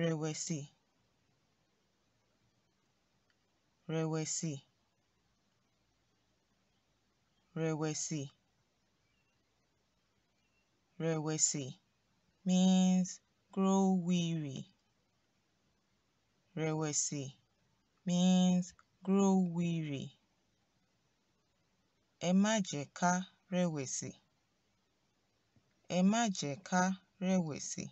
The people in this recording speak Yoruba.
rẹ̀wẹ̀sì rẹ̀wẹ̀sì rẹ̀wẹ̀sì rẹ̀wẹ̀sì means grow weary rẹ̀wẹ̀sì means grow weary ẹ má jẹ́ ká rẹ̀wẹ̀sì ẹ má jẹ́ ká rẹ̀wẹ̀sì.